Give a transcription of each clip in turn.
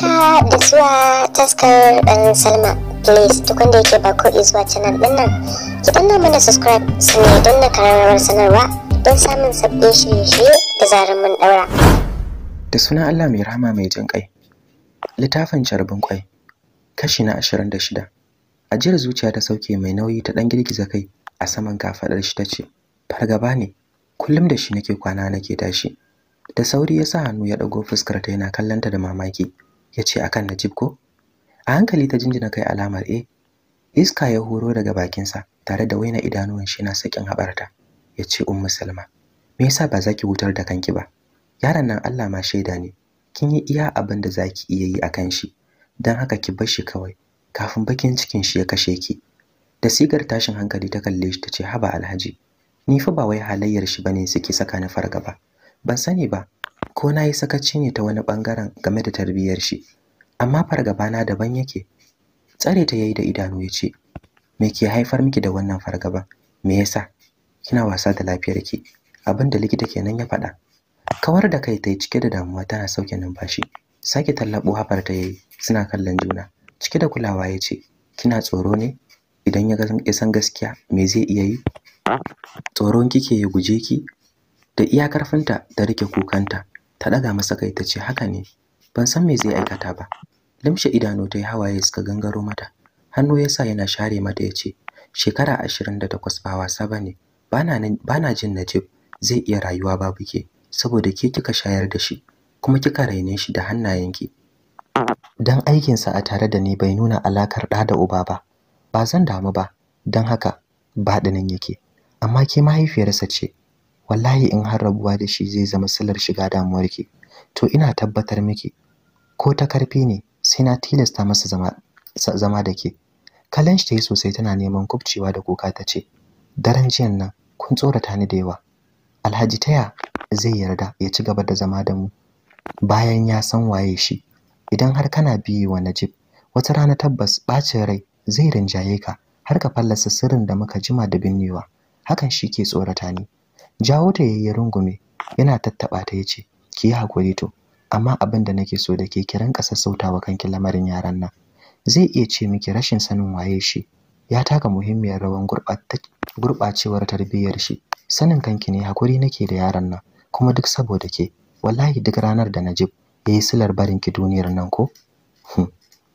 haka da zuwa taskar dan salma please duk wanda yake ba ko zuwa canal din nan ki danna mana subscribe su ne don na kararrawar sanarwa don samun sabbin shirye-shirye da zarar mun daura da suna allah mai rahama mai jin kai littafin carbin kwai kashi na ashirin da shida ajiyar zuciya ta sauke mai nauyi ta ɗan girgiza kai a saman kafaɗar shi ta ce fargaba ne kullum da shi nake kwana nake tashi da sauri ya sa hannu ya ɗago fuskar ta yana kallanta da mamaki ya ce akan Najib ko? A hankali ta jinjina kai alamar E. Iska ya horo daga bakinsa tare da waina idanuwan shi na sakin haɓarta. Ya ce Ummu Salma, me yasa ba za ki wutar da kanki ba? Yaron nan Allah ma shaida ne. Kin yi iya abin da za ki iya yi akan shi. Don haka ki bar shi kawai kafin bakin cikin shi ya kashe ki. Da sigar tashin hankali ta kalle shi ta ce haba Alhaji. Ni fa ba wai halayyar shi bane suke saka ni fargaba. Ban sani ba ko na yi sakaci ne ta wani bangaren game da tarbiyyar shi amma fargaba na daban yake tsare ta yayi da idanu ya ce me ke haifar miki da wannan fargaba me yasa kina wasa da lafiyarki abin da likita kenan ya faɗa kawar da kai ta yi cike da damuwa tana sauke numfashi sake tallabo hafar ta yayi suna kallon juna cike da kulawa ya ce kina tsoro ne idan ya san gaskiya me zai iya yi tsoron kike ya guje ki da iya karfinta ta rike kukanta ta daga masa kai ta ce haka ne ban san me zai aikata ba limshe idanu ta yi hawaye suka gangaro mata hannu yasa yana share mata ya ce shekara ashirin da takwas ba wasa ba ne ba na jin najib zai iya rayuwa babu ke saboda ke kika shayar da shi kuma kika raine shi da hannayenki dan aikinsa a tare da ni bai nuna alakar ɗa da uba ba ba zan damu ba don haka baɗinin yake amma ke mahaifiyarsa ce wallahi in har rabuwa da shi zai zama silar shiga damuwar ki to ina tabbatar miki ko ta karfi ne sai na tilasta masa zama zama da ke Kalan shi ta yi sosai tana neman kubcewa da kuka ta ce daren jiyan nan kun tsorata ni da yawa alhaji taya zai yarda ya ci gaba da zama da mu bayan ya san waye shi idan har kana biye wa najib wata rana tabbas bacin rai zai rinjaye ka har ka fallasa sirrin da muka jima da binnewa hakan shi ke tsorata ni jawo ta yayi rungume yana tattaba ta yace ki yi hakuri to amma abin da nake so da ke ki sassauta sassautawa kanki lamarin yaran nan zai iya ce miki rashin sanin waye shi ya taka muhimmiyar rawan gurɓacewar tarbiyyar shi sanin kanki ne hakuri nake da yaran nan kuma duk saboda ke wallahi duk ranar da Najib yayi silar barin ki duniyar nan ko hm,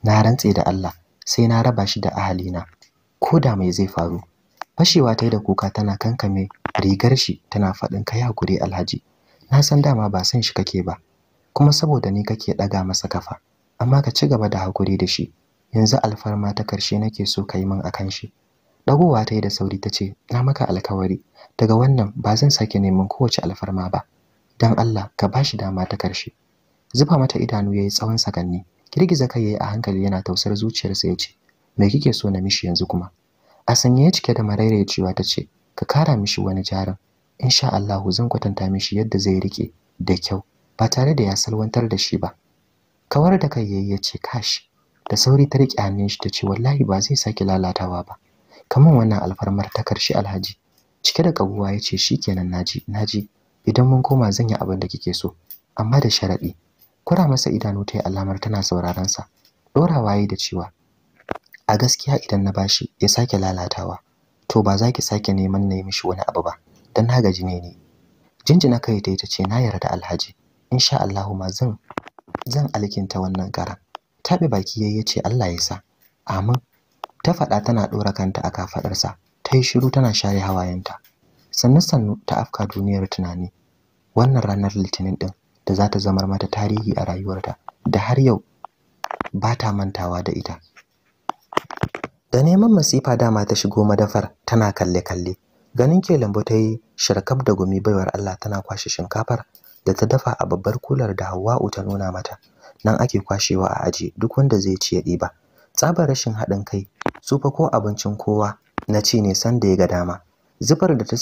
na rantse da Allah sai na raba shi da ahalina ko da mai zai faru fashewa ta da kuka tana kankame rigar shi tana faɗin kai hakuri Alhaji na san dama ba san shi kake ba kuma saboda ni kake daga masa kafa amma ka ci gaba da hakuri da shi yanzu alfarma ta karshe nake so kai min akan shi dagowa ta yi da sauri ta ce na maka alkawari daga wannan ba zan sake neman kowace alfarma ba dan Allah ka bashi dama ta karshe zuba mata idanu yayi tsawon sakanni girgiza kai yayi a hankali yana tausar zuciyarsa yace me kike so na mishi yanzu kuma a sanye cike da marairayewa ta ce ka kara mishi wani jarin insha Allah zan kwatanta mishi yadda zai rike da kyau ba tare da ya salwantar da shi ba kawar da kai yayi yace kashi da sauri ta rike hannun shi tace wallahi ba zai saki lalatawa ba kaman wannan alfarmar ta karshe Alhaji cike da kabuwa yace shikenan naji naji idan mun koma zan yi abin da kike so amma da sharadi kura masa idanu yi alamar tana sauraron sa dora waye da cewa a gaskiya idan na bashi ya sake lalatawa to ba za ki sake neman na yi mishi wani abu ba don na gaji ne jinjina kai ta ce na yarda alhaji insha Allahu ma zan zan alkinta wannan karan tabe baki yayi yace Allah ya sa amin ta faɗa tana ɗora kanta a kafaɗarsa ta yi shiru tana share hawayenta sannan sannu ta afka duniyar tunani wannan ranar litinin ɗin da za ta zamar mata tarihi a rayuwarta da har yau ba ta mantawa da ita da neman masifa dama ta shigo madafar tana kalle-kalle ganin ke lambu ta yi shirkaf da gumi baiwar Allah tana kwashe shinkafar da ta dafa a babbar kular da Hawwa'u ta nuna mata nan ake kwashewa a aji duk wanda zai ci ya ɗiba tsabar rashin haɗin kai su fa ko abincin kowa na ci ne san da ya ga dama zufar da ta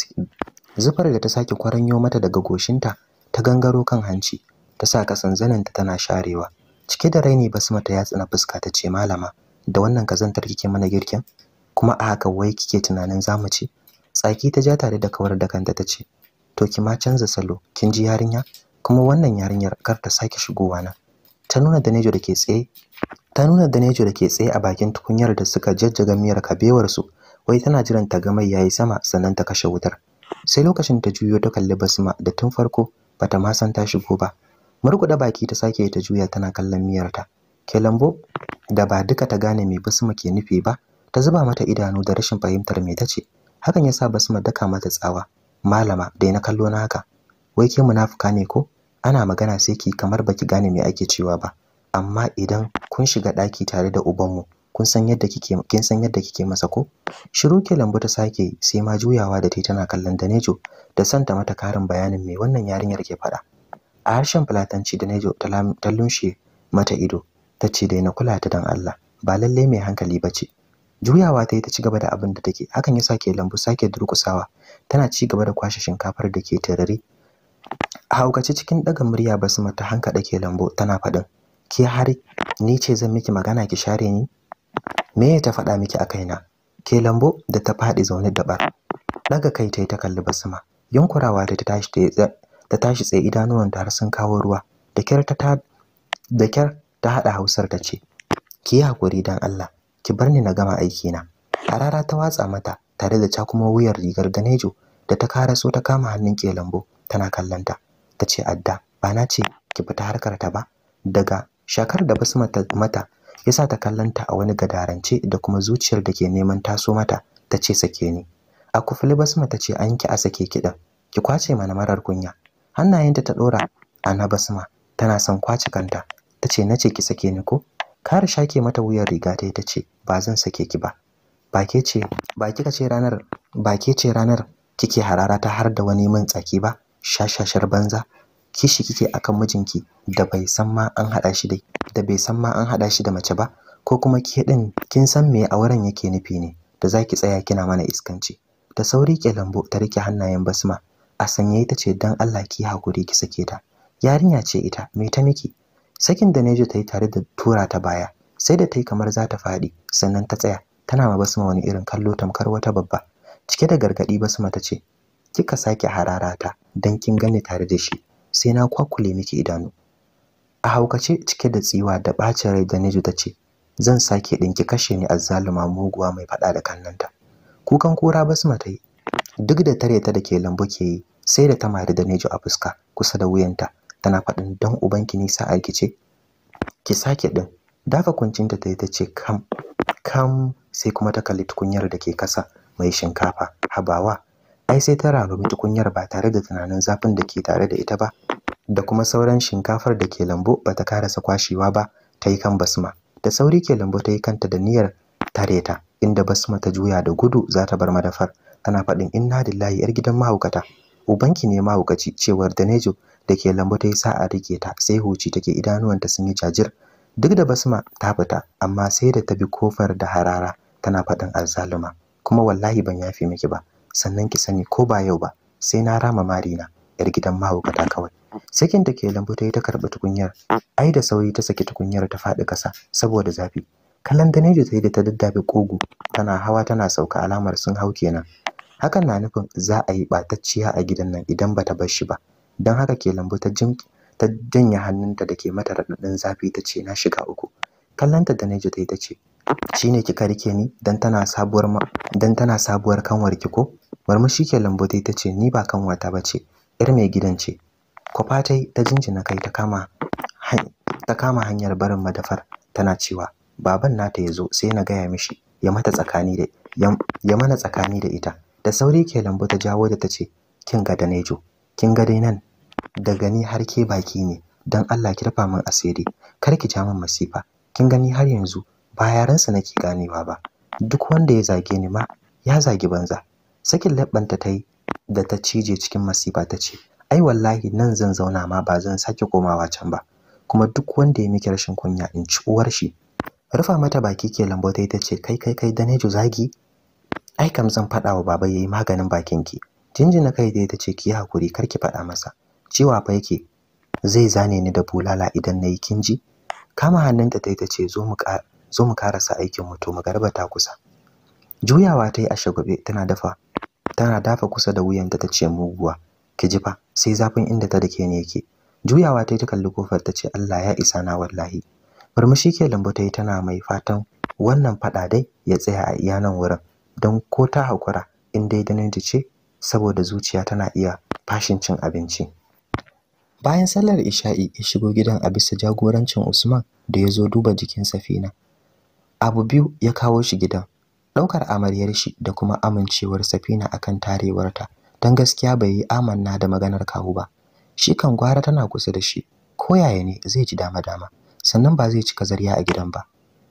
zufar da ta sake kwaranyo mata daga goshinta ta gangaro kan hanci ta sa kasan zaninta tana sharewa cike da raini basma ta yatsa na fuska ta ce malama da wannan kazantar kike mana girkin kuma a haka wai kike tunanin zamu ci tsaki ta ja tare da kawar da kanta ta ce to ki ma canza salo kin ji yarinya kuma wannan yarinyar kar ta sake shigowa na ta nuna da nejo da tsaye ta nuna da nejo da tsaye a bakin tukunyar da suka jajjaga miyar kabewar su wai tana jiran ta ga mai yayi sama sannan ta kashe wutar sai lokacin ta juyo ta kalli basma da tun farko bata ma san ta shigo ba murguda baki ta sake ta juya tana kallon miyarta lambo da ba duka ta gane me Basma ke nufi ba, ta zuba mata idanu da rashin fahimtar me tace. Hakan yasa Basma daka mata tsawa. Malama, dai na kallo na haka. Wai ke munafuka ne ko? Ana magana sai ki kamar baki gane me ake cewa ba. Amma idan kun shiga daki tare da ubanmu, kun san yadda kike kin san yadda kike masa ko? Shiru ke lambo ta sake sai ma juyawa da tai tana kallon Danejo da santa mata karin bayanin me wannan yarinyar ke faɗa. A harshen Fulatanci Danejo ta lunshe mata ido ta ce dai na kula ta don Allah ba lalle mai hankali ba ce juyawa ta yi ta ci gaba da abin da take hakan ya sake lambu sake durƙusawa tana ci gaba da kwashe shinkafar da ke tarare a haukace cikin ɗaga murya basma ta hanka ke lambu tana faɗin ki har ni ce zan miki magana ki share ni me ya ta faɗa miki a kaina ke lambu da ta faɗi zaune da bar daga kai ta yi ta kalli basma yunkurawa ta tashi ta tashi tsaye idanuwan har sun kawo ruwa da kyar ta da kyar ta haɗa hausar ta ce ki yi hakuri dan Allah ki bar ni na gama aiki na A rara ta watsa mata tare da cakuma wuyar rigar ganejo da ta so ta kama hannun kelambo tana kallanta ta ce adda ba ce ki fita harkar ta ba daga shakar da basu mata, mata yasa ta kallanta a wani gadarance da kuma zuciyar da ke neman taso mata ta ce sake ni a kufli basma mata ce an ki a sake kiɗan ki kwace mana marar kunya hannayenta ta ɗora ana basma tana son kwace kanta tace nace ki sake ni ko kare shake mata wuyar riga ta tace ba zan sake ki ba ba ke ce ba kika ce ranar ba ke ce ranar kike harara ta har da wani min tsaki ba shashashar banza kishi kike akan mijinki da bai san ma an hada shi da da bai san ma an hada shi da mace ba ko kuma ke din kin san me auren yake nufi ne da zaki tsaya kina mana iskanci da sauri ke lambo ta rike hannayen basma a sanye ita ce dan Allah ki hakuri ki sake ta yarinya ce ita me ta miki sakin da Nejo ta yi tare da tura ta baya sai da ta yi kamar za ta faɗi sannan ta tsaya tana ma basma wani irin kallo tamkar wata babba cike da gargaɗi basma ta ce kika sake ta, don kin gane tare da shi sai na kwakule miki idanu a haukace cike da tsiwa da bacin rai da Nejo ta ce zan sake ɗinki kashe ni azzaluma muguwa mai faɗa da kannanta kukan kura basma ta yi duk da tare ta da ke lambu ke yi sai da ta mari da a fuska kusa da wuyanta tana faɗin don ubanki ne sa aiki ce ki sake din dafa kuncinta ta yi ta ce kam kam sai kuma ta kalli tukunyar da ke kasa mai shinkafa habawa ai sai ta rarumi tukunyar ba tare da tunanin zafin da ke tare da ita ba da kuma sauran shinkafar da ke lambu ba ta karasa kwashewa ba ta yi kan basma da sauri ke lambu ta yi kanta da niyyar tare ta inda basma ta juya da gudu za ta bar madafar tana faɗin inna lillahi yar gidan mahaukata ubanki ne mahaukaci cewar danejo da ke lambu ta yi a rike ta sai huci take idanuwanta sun yi jajir duk da basma ta fita amma sai da ta bi kofar da harara tana faɗin alzaluma kuma wallahi ban yafi miki ba sannan ki sani ko ba yau ba sai na rama marina yar gidan mahaukata kawai sakin da ke lambu ta yi ta karɓi tukunyar ai da sauri ta saki tukunyar ta faɗi ƙasa saboda zafi kallon da ta yi da ta daddabe kogo tana hawa tana sauka alamar sun hauke kenan hakan na nufin za a yi ɓatacciya a gidan nan idan bata bar shi ba don haka ke lambu ta jin ta janye hannunta da ke mata raɗaɗin zafi ta ce na shiga uku kallanta da Neji ta yi ta ce ne, kika rike ni don tana sabuwar kanwar ki ko murmushi ke lambu ta ta ce ni ba kanwata ba ce yar mai gidan ce kwafa ta ta jinjina kai ta kama hanyar barin madafar tana cewa baban nata ya zo sai na gaya mishi ya mata tsakani da mana tsakani da ita da sauri ke lambu ta jawo da ta ce kin ga danejo kin ga dai nan da gani har ke baki ne don Allah ki rufa min asiri kar ki ja min masifa kin gani har yanzu ba yaransa nake ganewa ba duk wanda ya zage ni ma ya zagi banza sakin labbanta tai da ta cije cikin masifa ta ce ai wallahi nan zan zauna ma ba zan sake komawa can ba kuma duk wanda ya miki rashin kunya in ci uwar shi rufa mata baki ke lambotai ta ce kai kai kai danejo zagi ai kam zan faɗa wa baba yayi maganin bakinki jinjina kai dai ta ce ki hakuri kar ki faɗa masa cewa fa yake zai zane ni da bulala idan nayi kinji kama hannunta ta ce zo mu zo mu karasa aikin mu to magarba ta kusa juyawa ta yi a shagwabe tana dafa tana dafa kusa da wuyan ta ce muguwa ki ji fa sai zafin inda ta dake ne yake juyawa ta yi ta kalli kofar ta ce Allah ya isa na wallahi murmushi ke lambu ta yi tana mai fatan wannan fada dai ya tsaya a iya nan wurin don ko ta hakura in dai da ce saboda zuciya tana iya fashin cin abinci bayan sallar isha'i ya shigo gidan a bisa jagorancin Usman da ya zo duba jikin Safina abu biyu ya kawo shi gidan Ɗaukar amaryar shi da kuma amincewar Safina akan tarewarta don gaskiya bai yi amanna da maganar kawu ba shi kan gwara tana kusa da shi ko yaya ne zai ji dama dama sannan ba zai cika zarya a gidan ba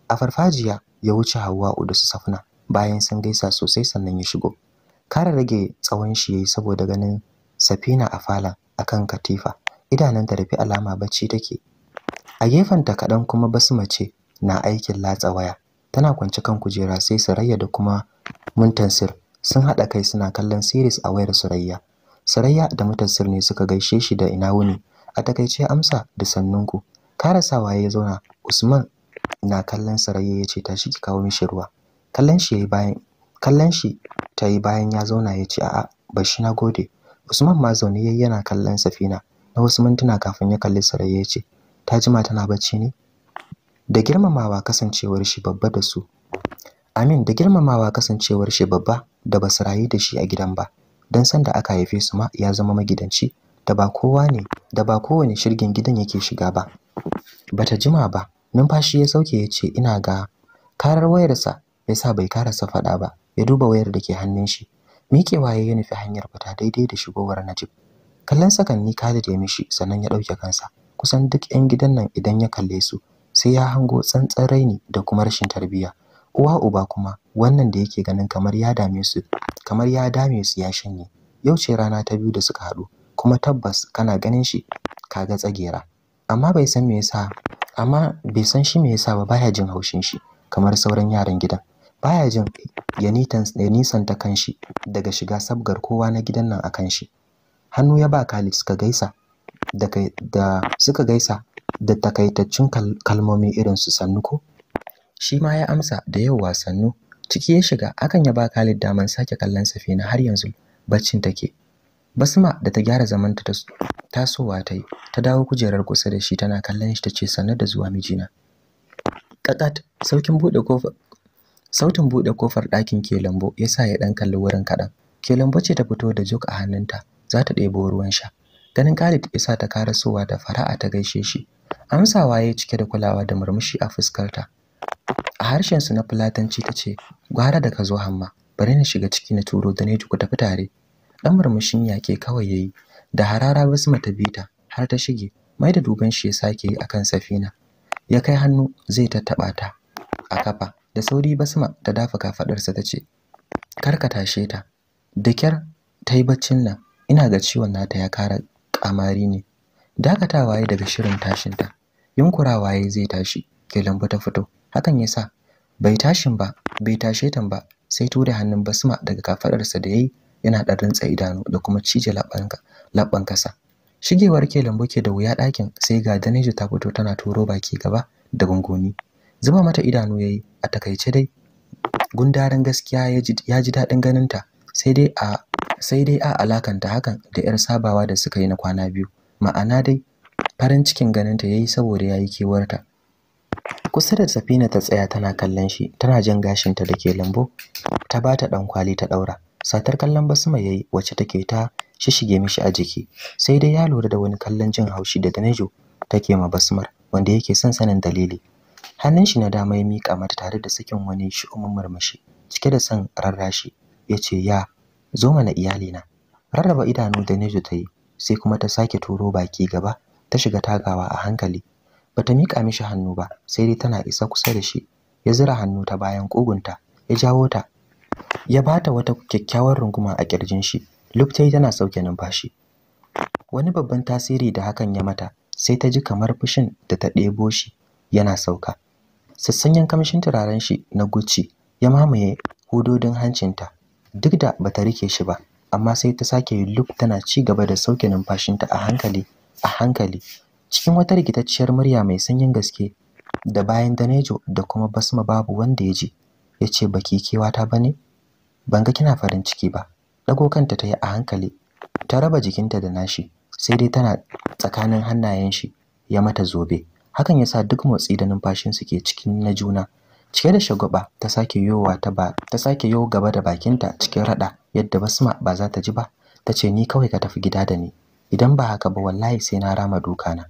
a farfajiya ya wuce Hauwa da su Safna bayan sun gaisa sosai sannan ya shigo kara rage tsawon shi yayi saboda ganin Safina a falon akan katifa Idanan idanunta rufe alama bacci take a gefenta kaɗan kuma basu mace na aikin latsa waya tana kwance kan kujera sai sarayya da kuma muntansir sun haɗa kai suna kallon series a wayar sarayya sarayya da muntansir ne suka gaishe shi da ina wuni a takaice amsa da sannunku karasawa ya zauna usman na kallon sarayya ya ce tashi ki kawo mishi ruwa kallon shi bayan kallon shi ta bayan ya zauna yace ce a'a bashi na gode usman ma zaune yayi yana kallon safina na wasu mintuna kafin ya kalli Sarayya ya ce, "Ta jima tana bacci ne?" Da girmamawa kasancewar shi babba da su. Amin da girmamawa kasancewar shi babba da basu rayu da shi a gidan ba. Dan san da aka haife su ma ya zama magidanci da ba kowa ne da ba kowane shirgin gidan yake shiga ba. Bata jima ba, numfashi ya sauke ya ce ina ga karar wayarsa ya sa bai karasa faɗa ba ya duba wayar da ke hannun shi miƙewa ya nufi hanyar fita daidai da shigowar Najib kallon sakanni Khalid ya mishi sannan ya ɗauke kansa kusan duk 'yan gidan nan idan ya kalle su sai ya hango tsantsan raini da kuma rashin tarbiyya uwa uba kuma wannan da yake ganin kamar ya dame su kamar ya dame su ya shanye yau ce rana ta biyu da suka haɗu kuma tabbas kana ganin shi kaga tsagera amma bai san me yasa amma bai san shi me yasa ba baya jin haushin shi kamar sauran yaran gidan baya jin ya nisanta kanshi daga shiga sabgar kowa na gidan nan akan shi hannu ya ba Khalid suka gaisa da suka gaisa da takaitaccen kalmomi irin su sannu ko shi ma ya amsa da yau sannu ciki ya shiga akan ya ba Khalid daman sake kallon Safina har yanzu baccin take Basma da ta gyara zamanta ta tasowa ta yi ta dawo kujerar kusa da shi tana kallon shi tace sannu da zuwa mijina kakat saukin bude kofar sautin bude kofar ɗakin ke lambo yasa ya ɗan kalli wurin kaɗan ke lambo ce ta fito da jok a hannunta za ta ɗebo ruwan sha ganin Khalid isa ta karasowa da fara'a ta gaishe shi amsawa ya cike da kulawa da murmushi a fuskarta a harshen su na fulatanci ta ce gwara da ka zo hamma bari na shiga ciki na turo da ne ku tafi tare ɗan murmushin yaƙe kawai ya yi. da harara basma ta bita har ta shige mai da duban shi ya sake yi akan safina ya kai hannu zai taɓa ta a kafa da sauri basma ta dafa kafaɗarsa ta ce ka tashe ta da kyar ta yi baccin nan ina ga ciwon nata ya kara kamari ne Dakata waye daga shirin tashin ta yunkurawa ya zai tashi ke lambu ta fito hakan yasa bai tashin ba bai tashe tan ba sai tura hannun basma daga sa da yayi yana da rantsa idanu da kuma cije labbanka labban kasa shigewar ke lambu ke da wuya ɗakin sai ga Danejo ta fito tana turo baki gaba da gungoni zuba mata idanu yayi a takaice dai gundaren gaskiya ya ji daɗin ta sai dai a sai dai a alakanta hakan da 'yar sabawa da suka yi na kwana biyu ma'ana dai farin cikin ganinta ya yi saboda ya yi kewarta kusa da safina ta tsaya tana kallon shi tana jan gashinta da ke lambo ta bata ta kwali ta ɗaura satar kallon basma yayi yi wacce take ta shishige mishi a jiki sai dai ya lura da wani kallon jin haushi da danejo take ma basmar wanda yake son sanin dalili hannun shi na dama ya miƙa mata tare da sakin wani shi'umin murmushi cike da son rarrashi ya ce ya zo mana iyalina rarraba idanu da Nejo ta yi sai kuma ta sake turo baki gaba ta shiga tagawa a hankali bata mika mishi hannu ba sai dai tana isa kusa da shi ya zira hannu ta bayan kugunta ya jawo ta ya bata wata kyakkyawar runguma a kirjin shi luftai tana sauke numfashi wani babban tasiri da hakan ya mata sai ta ji kamar fushin da ta ɗebo shi yana sauka sassanyen kamshin turaren shi na guci ya mamaye hudodin hancinta duk da bata rike shi ba amma sai ta sake yin tana ci gaba da sauke numfashinta a hankali a hankali cikin wata rikitacciyar murya mai sanyin gaske da bayan Danejo da kuma Basma babu wanda ya ji yace baki kewata ne? ban ga kina farin ciki ba dago kanta ta yi a hankali ta raba jikinta da nashi sai dai tana tsakanin hannayen shi ya mata zobe hakan yasa duk motsi da numfashin su ke cikin na juna cike da shagwaba ta sake yowa ta ba ta sake yowa gaba da bakinta cikin rada yadda basma ba za ta ji ba ta ce ni kawai ka tafi gida da ni idan ba haka ba wallahi sai na rama duka na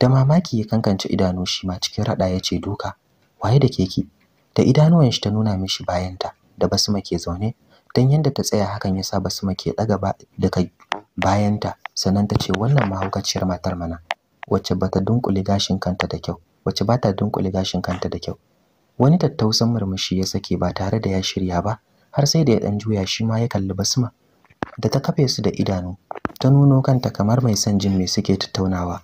da mamaki ya kankance idanu shi ma cikin rada ya ce duka waye da keki da idanuwan shi ta nuna mishi bayanta da basma ke zaune dan yanda ta tsaya hakan ya sa basma ke daga ba da bayanta sannan ta ce wannan mahaukaciyar matar mana wacce bata dunkule gashin kanta da kyau wacce bata dunkule gashin kanta da kyau wani tattausan murmushi ya sake ba tare da ya shirya ba har sai da ya dan juya shi ma ya kalli basma da ta kafe su da idanu ta nuno kanta kamar mai son jin me suke tattaunawa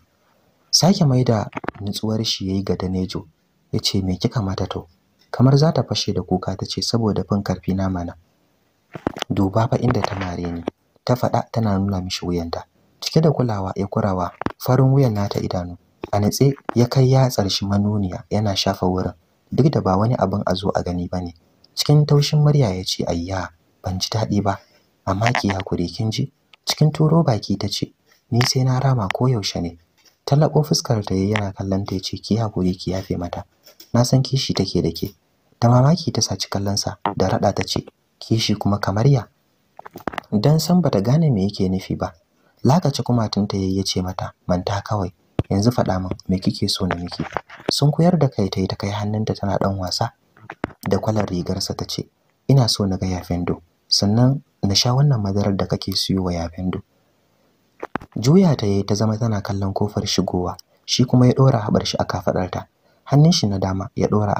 sake mai da nutsuwar shi yayi ga danejo ya ce me kika mata to kamar za ta fashe da kuka ta ce saboda fin karfi na mana duba fa inda ta mare ni ta faɗa tana nuna mishi wuyanta cike da kulawa ya kurawa farin wuyan nata idanu a natse ya kai ya tsarshi manuniya yana shafa wurin duk da ba wani abin a zo a gani bane cikin taushin murya ya ce ayya ban ji daɗi ba amma ki hakuri kin ji cikin turo baki ta ce ni sai na rama ko yaushe ne ta labo fuskar ta yana kallon ta ce ki hakuri ki yafe mata na san kishi take da ke ta mamaki ta saci kallon sa da raɗa ta ce kishi kuma kamar ya dan san bata gane me yake nufi ba lakaci kuma tunta yayyace mata manta kawai yanzu faɗa min me kike so na miki sun koyar da kai tayi ta kai hannunta tana ɗan wasa da kwalar rigarsa ta ce ina so na ga yafendo sannan na sha wannan madarar da kake siyo wa yafendo juya ta yayi ta zama tana kallon kofar shigowa shi kuma ya ɗora habar shi a kafaɗarta, hannun shi na dama ya dora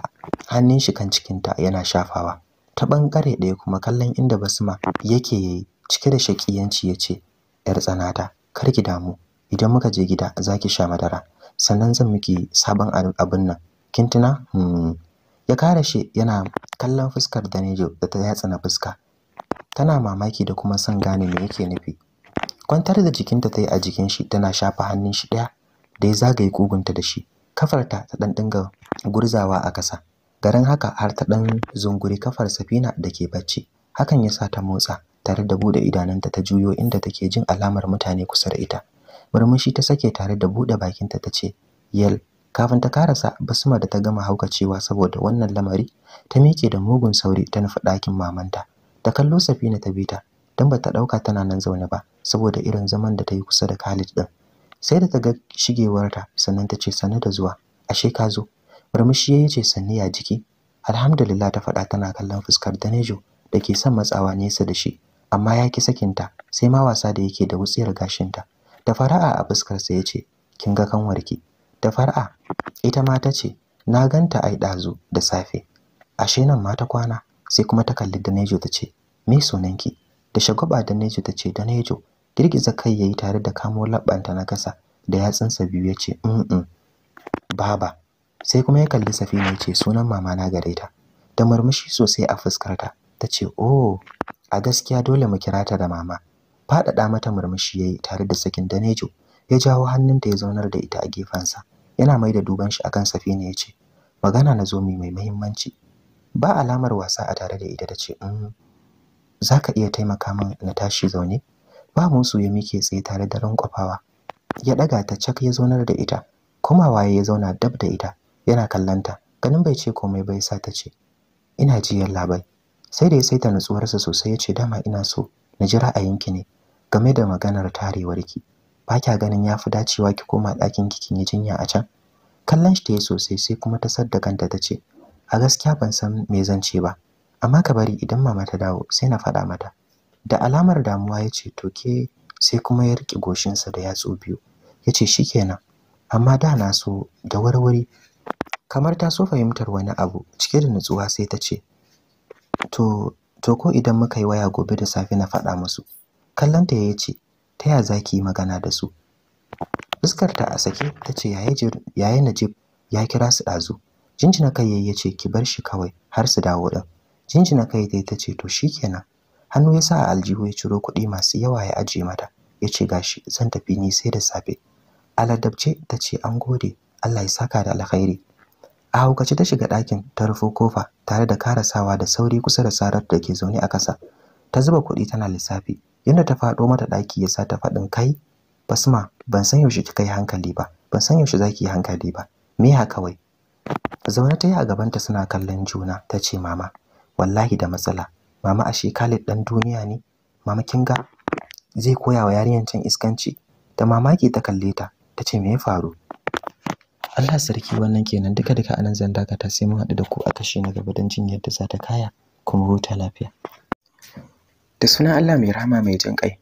hannun shi kan cikinta yana shafawa ta ɓangare ɗaya kuma kallon inda basma yake yayi cike da shakiyanci yace yar tsanata kar ki damu idan muka je gida zaki sha madara sannan zan miki sabon abin nan kintuna hmm. ya kare shi yana kallon fuskar Danejo da ta yatsa na fuska tana mamaki da kuma son gane me yake nufi kwantar da jikinta ta yi a jikin shi tana shafa hannun shi ɗaya da ya zagaye kugunta da shi kafarta ta ɗan dinga gurzawa a ƙasa garin haka har ta ɗan zunguri kafar safina da ke bacci hakan ya sa ta motsa tare da buɗe idanunta ta juyo inda take jin alamar mutane kusa da ita murmushi ta sake tare da bude bakinta ta ce yel kafin ta karasa basma da ta gama haukacewa saboda wannan lamari ta miƙe da mugun sauri ta nufi dakin mamanta ta kallo safina ta bita ta don ba ta ɗauka tana nan zaune ba saboda irin zaman da ta yi kusa da khalid ɗin sai da ta ga shigewarta sannan ta ce sannu da zuwa ashe ka zo murmushi ya ce sannu ya jiki alhamdulillah ta faɗa tana kallon fuskar danejo da ke son matsawa nesa da shi amma ya ki sakinta sai ma wasa da yake da wutsiyar gashinta da fara'a a fuskarsa ya ce kin ga kanwarki da fara'a ita ma ta ce na ganta ai dazu da safe ashe nan ma ta kwana sai kuma ta kalli Danejo ta ce me sunanki da shagwaba Danejo ta ce Danejo girgiza kai yayi tare da kamo labbanta na kasa da yatsunsa biyu ya ce mm baba sai kuma ya kalli Safina ya ce sunan mama na gare ta da murmushi sosai a fuskarta ta ce oh a gaskiya dole mu kira ta da mama faɗaɗa mata murmushi ya yi tare da sakin danejo ya jawo hannunta ya zaunar da ita a gefensa yana mai da duban shi akan safina ya ce magana na zo mai muhimmanci ba alamar wasa a tare da ita ta ce mm, za ka iya taimaka min na tashi zaune ba musu ya mike tsaye tare da rankwafawa ya ɗaga ta cak ya zaunar da ita kuma waye ya zauna dab da ita yana kallanta ganin bai ce komai bai sa ta ce ina jiyan labai sai da ya saita nutsuwarsa sosai yace dama ina so na jira a ra'ayinki ne game da maganar tarewarki ba kya ganin ya fi dacewa ki koma ɗakin ki kin yi jinya a can kallon shi ta yi sosai sai kuma ta sadda kanta ta ce a gaskiya ban san me zan ce ba amma ka bari idan mama ta dawo sai na faɗa mata da alamar damuwa ya ce to ke sai kuma ya riƙe goshinsa da yatsu biyu ya ce shi kenan. amma da na so da warwari kamar ta so fahimtar wani abu cike da nutsuwa sai ta ce to to ko idan muka yi waya gobe da safe na faɗa musu kallonta ya ce ta ya za ki yi magana da su fuskarta a sake ta ce yaya najib ya kira su ɗazu jinjina kai ya ce ki bar shi kawai har su dawo ɗin jinjina kai dai ta ce to shikenan hannu ya sa a aljihu ya ciro kuɗi masu yawa ya ajiye mata ya ce gashi zan tafi ni sai da safe aladabce ta ce an gode allah ya saka da alkhairi a haukaci ta shiga ɗakin ta rufo kofa tare da karasawa da sauri kusa da sarar da ke zaune a kasa. ta zuba kuɗi tana lissafi yadda ta faɗo mata ɗaki yasa ta faɗin kai basma ban san yaushe kika yi hankali ba ban san yaushe zaki yi hankali ba me ya kawai zauna ta yi a gabanta suna kallon juna ta ce mama wallahi da matsala mama ashe Khalid dan duniya ne mama kin ga zai koya wa yarinyar can iskanci da mamaki ta kalle ta ta ce me ya faru Allah sarki wannan kenan duka duka anan zan dakata sai mun haɗu da ku a kashi na gaba don jin yadda za ta kaya kuma huta lafiya da sunan Allah mai rahama mai jin ƙai